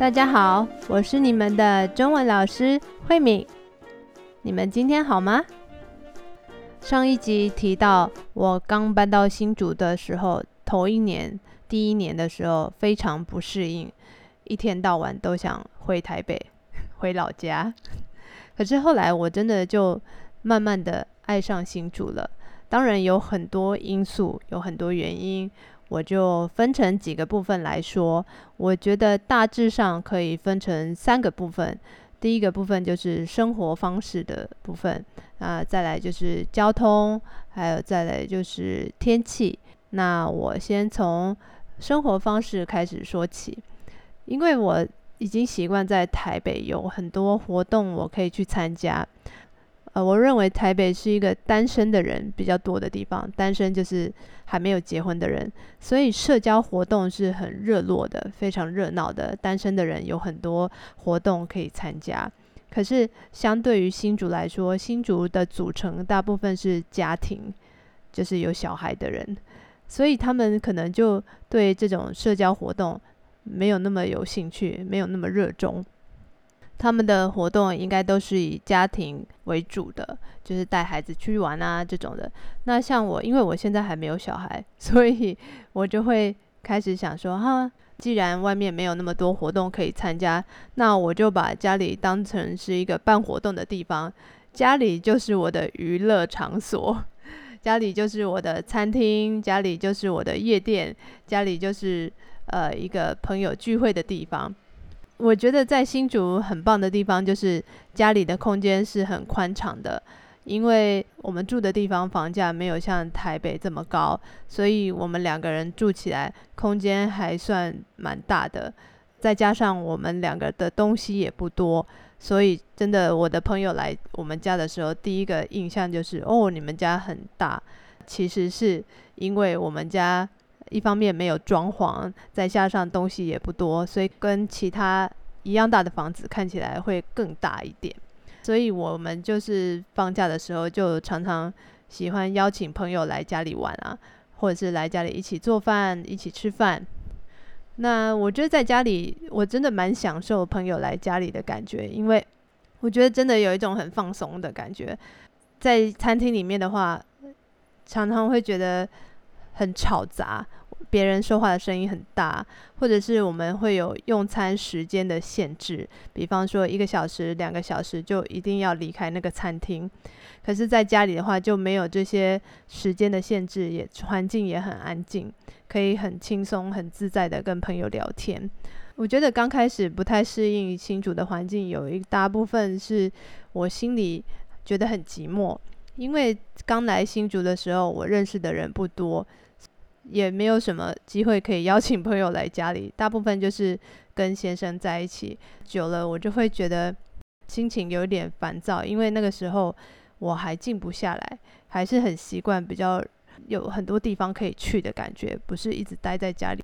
大家好，我是你們的中文老師慧敏。你們今天好嗎？上一集提到我剛搬到新竹的時候，頭一年、第一年的時候非常不適應，一天到晚都想回台北、回老家。可是後來我真的就慢慢的愛上新竹了。當然有很多因素，有很多原因。我就分成幾個部分來說，我覺得大致上可以分成三個部分。第一個部分就是生活方式的部分，啊，再來就是交通，還有再來就是天氣。那我先從生活方式開始說起，因為我已經習慣在台北有很多活動，我可以去參加。呃，我認為台北是一個單身的人比較多的地方。單身就是還沒有結婚的人，所以社交活動是很熱絡的，非常熱鬧的。單身的人有很多活動可以參加。可是相對於新竹來說，新竹的組成大部分是家庭，就是有小孩的人，所以他們可能就對這種社交活動沒有那麼有興趣，沒有那麼熱衷。他們的活動應該都是以家庭為主的，就是帶孩子去玩啊這種的。那像我，因為我現在還沒有小孩，所以我就會開始想說，哈，既然外面沒有那麼多活動可以參加，那我就把家裡當成是一個辦活動的地方。家裡就是我的娛樂場所，家裡就是我的餐廳，家裡就是我的夜店，家裡就是呃一個朋友聚會的地方。我覺得在新竹很棒的地方就是家裡的空間是很寬敞的，因為我們住的地方房價沒有像台北這麼高，所以我們兩個人住起來空間還算蠻大的。再加上我們兩個的東西也不多，所以真的我的朋友來我們家的時候，第一個印象就是哦，你們家很大。其實是因為我們家，一方面沒有裝潢，再加上東西也不多，所以跟其他一樣大的房子看起來會更大一點。所以我們就是放假的時候就常常喜歡邀請朋友來家裡玩啊，或者是來家裡一起做飯、一起吃飯。那我覺得在家裡，我真的蠻享受朋友來家裡的感覺，因為我覺得真的有一種很放鬆的感覺。在餐廳裡面的話，常常會覺得很吵雜。別人說話的聲音很大，或者是我們會有用餐時間的限制，比方說一個小時、兩個小時就一定要離開那個餐廳。可是，在家裡的話就沒有這些時間的限制，也環境也很安靜，可以很輕鬆、很自在地跟朋友聊天。我覺得剛開始不太適應新竹的環境，有一大部分是我心裡覺得很寂寞，因為剛來新竹的時候，我認識的人不多。也沒有什麼機會可以邀請朋友來家裡，大部分就是跟先生在一起，久了我就會覺得心情有點煩躁，因為那個時候我還靜不下來，還是很習慣比較有很多地方可以去的感覺，不是一直待在家裡。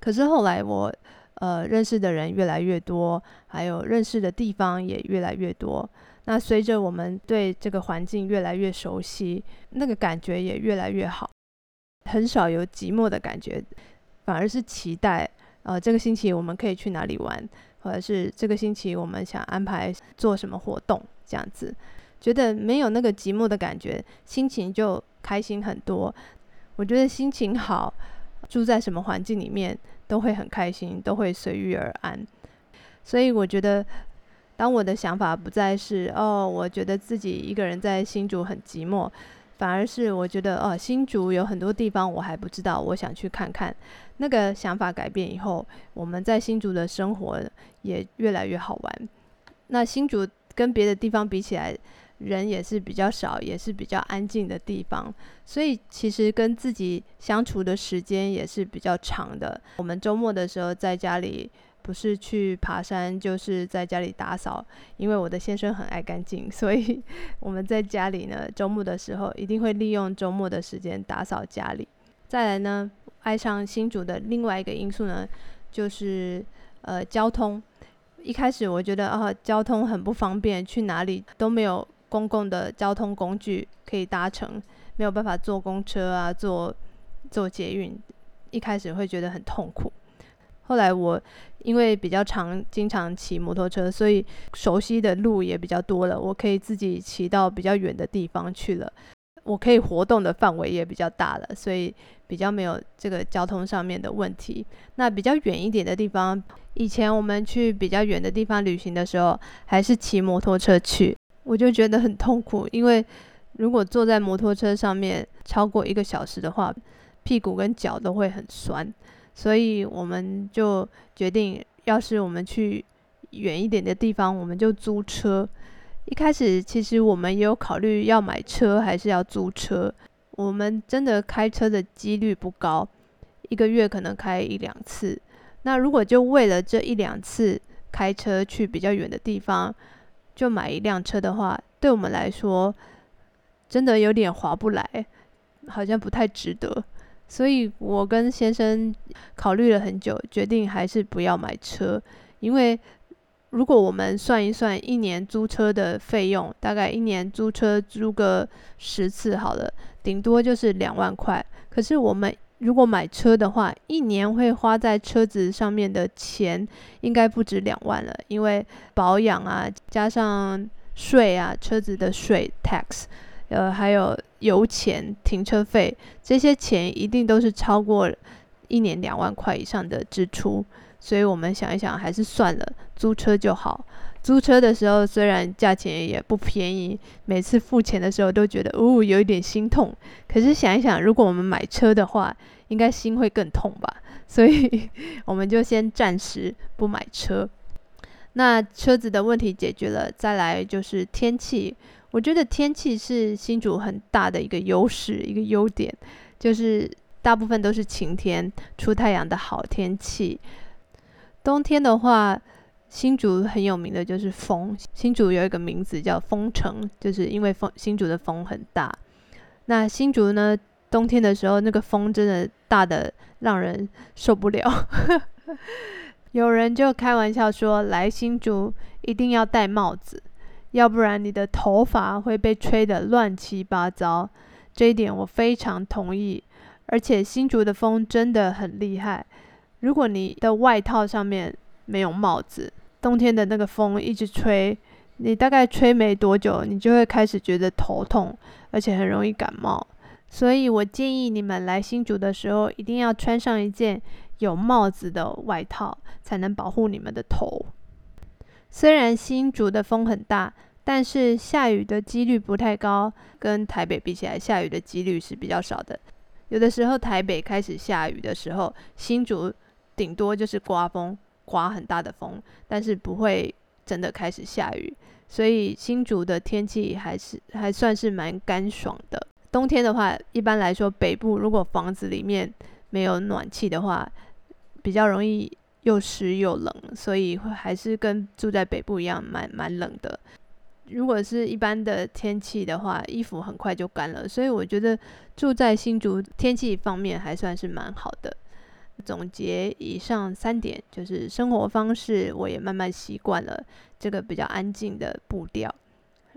可是後來我呃認識的人越來越多，還有認識的地方也越來越多，那隨着我們對這個環境越來越熟悉，那個感覺也越來越好。很少有寂寞的感覺，反而是期待，呃，這個星期我們可以去哪裡玩，或者是這個星期我們想安排做什麼活動，這樣子，覺得沒有那個寂寞的感覺，心情就開心很多。我覺得心情好，住在什麼環境裡面都會很開心，都會隨遇而安。所以我覺得，當我的想法不再是哦，我覺得自己一個人在新竹很寂寞。反而是我覺得哦，新竹有很多地方我還不知道，我想去看看。那個想法改變以後，我們在新竹的生活也越來越好玩。那新竹跟別的地方比起來，人也是比較少，也是比較安靜的地方，所以其實跟自己相處的時間也是比較長的。我們週末的時候在家裡。不是去爬山，就是在家裡打掃。因為我的先生很愛乾淨，所以我們在家裡呢，周末的時候一定會利用周末的時間打掃家裡。再來呢，愛上新竹的另外一個因素呢，就是呃交通。一開始我覺得啊，交通很不方便，去哪裡都沒有公共的交通工具可以搭乘，沒有辦法坐公車啊，坐坐捷運，一開始會覺得很痛苦。後來我因為比較常經常騎摩托車，所以熟悉的路也比較多了，我可以自己騎到比較遠的地方去了。我可以活動的範圍也比較大了，所以比較沒有這個交通上面的問題。那比較遠一點的地方，以前我們去比較遠的地方旅行的時候，還是騎摩托車去，我就覺得很痛苦，因為如果坐在摩托車上面超過一個小時的話，屁股跟腳都會很酸。所以我們就決定，要是我們去遠一點的地方，我們就租車。一開始其實我們也有考慮要買車還是要租車。我們真的開車的幾率不高，一個月可能開一兩次。那如果就為了這一兩次開車去比較遠的地方，就買一輛車的話，對我們來說真的有點划不來，好像不太值得。所以我跟先生考慮了很久，決定還是不要買車，因為如果我們算一算一年租車的費用，大概一年租車租個十次好了，頂多就是兩萬塊。可是我們如果買車的話，一年會花在車子上面的錢應該不止兩萬了，因為保養啊，加上稅啊，車子的稅，tax。呃，還有油錢、停車費，這些錢一定都是超過一年兩萬塊以上的支出。所以我們想一想，還是算了，租車就好。租車的時候雖然價錢也不便宜，每次付錢的時候都覺得哦，有一點心痛。可是想一想，如果我們買車的話，應該心會更痛吧？所以我們就先暫時不買車。那車子的問題解決了，再來就是天氣。我覺得天氣是新竹很大的一個優勢，一個優點，就是大部分都是晴天，出太陽的好天氣。冬天的話，新竹很有名的就是風，新竹有一個名字叫風城，就是因為風，新竹的風很大。那新竹呢，冬天的時候，那個風真的大的讓人受不了， 有人就開玩笑說，來新竹一定要戴帽子。要不然你的頭髮會被吹得亂七八糟，這一點我非常同意。而且新竹的風真的很厲害，如果你的外套上面沒有帽子，冬天的那個風一直吹，你大概吹沒多久，你就會開始覺得頭痛，而且很容易感冒。所以我建議你們來新竹的時候，一定要穿上一件有帽子的外套，才能保護你們的頭。雖然新竹的風很大，但是下雨的幾率不太高，跟台北比起來，下雨的幾率是比較少的。有的時候台北開始下雨的時候，新竹頂多就是刮風，刮很大的風，但是不會真的開始下雨。所以新竹的天氣還是還算是蠻乾爽的。冬天的話，一般來說，北部如果房子裡面沒有暖氣的話，比較容易，又濕又冷，所以還是跟住在北部一樣，蠻蠻冷的。如果是一般的天氣的話，衣服很快就乾了。所以我覺得住在新竹天氣方面還算是蠻好的。總結以上三點，就是生活方式我也慢慢習慣了這個比較安靜的步調。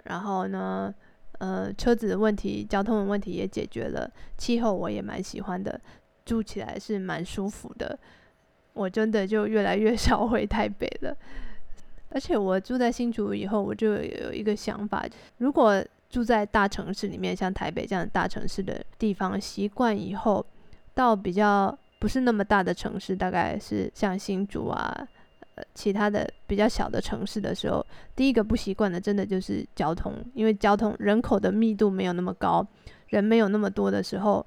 然後呢，呃，車子的問題、交通的問題也解決了。氣候我也蠻喜歡的，住起來是蠻舒服的。我真的就越來越少回台北了，而且我住在新竹以後，我就有一個想法：如果住在大城市裡面，像台北這樣大城市的地方，習慣以後，到比較不是那麼大的城市，大概是像新竹啊，呃，其他的比較小的城市的時候，第一個不習慣的，真的就是交通，因為交通人口的密度沒有那麼高，人沒有那麼多的時候。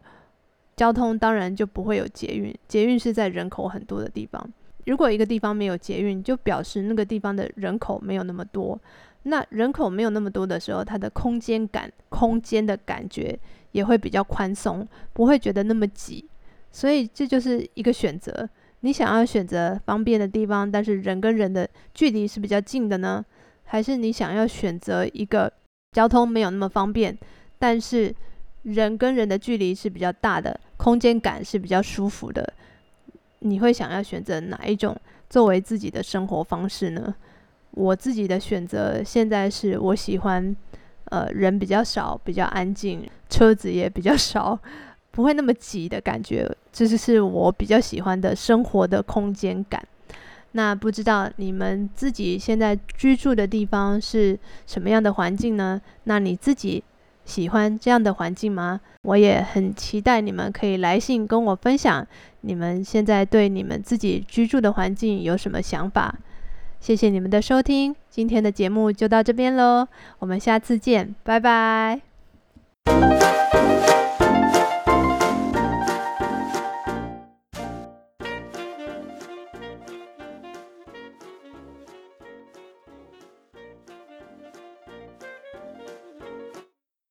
交通當然就不會有捷運，捷運是在人口很多的地方。如果一個地方沒有捷運，就表示那個地方的人口沒有那麼多。那人口沒有那麼多的時候，它的空間感、空間的感覺也會比較寬鬆，不會覺得那麼擠。所以這就是一個選擇。你想要選擇方便的地方，但是人跟人的距離是比較近的呢？還是你想要選擇一個交通沒有那麼方便，但是……人跟人的距離是比較大的，空間感是比較舒服的。你會想要選擇哪一種作為自己的生活方式呢？我自己的選擇現在是我喜歡，呃，人比較少，比較安靜，車子也比較少，不會那麼擠的感覺。這就是我比較喜歡的生活的空間感。那不知道你們自己現在居住的地方是什麼樣的環境呢？那你自己。喜歡這樣的環境嗎？我也很期待你們可以來信跟我分享你們現在對你們自己居住的環境有什麼想法。謝謝你們的收聽，今天的節目就到這邊嘍，我們下次見，拜拜。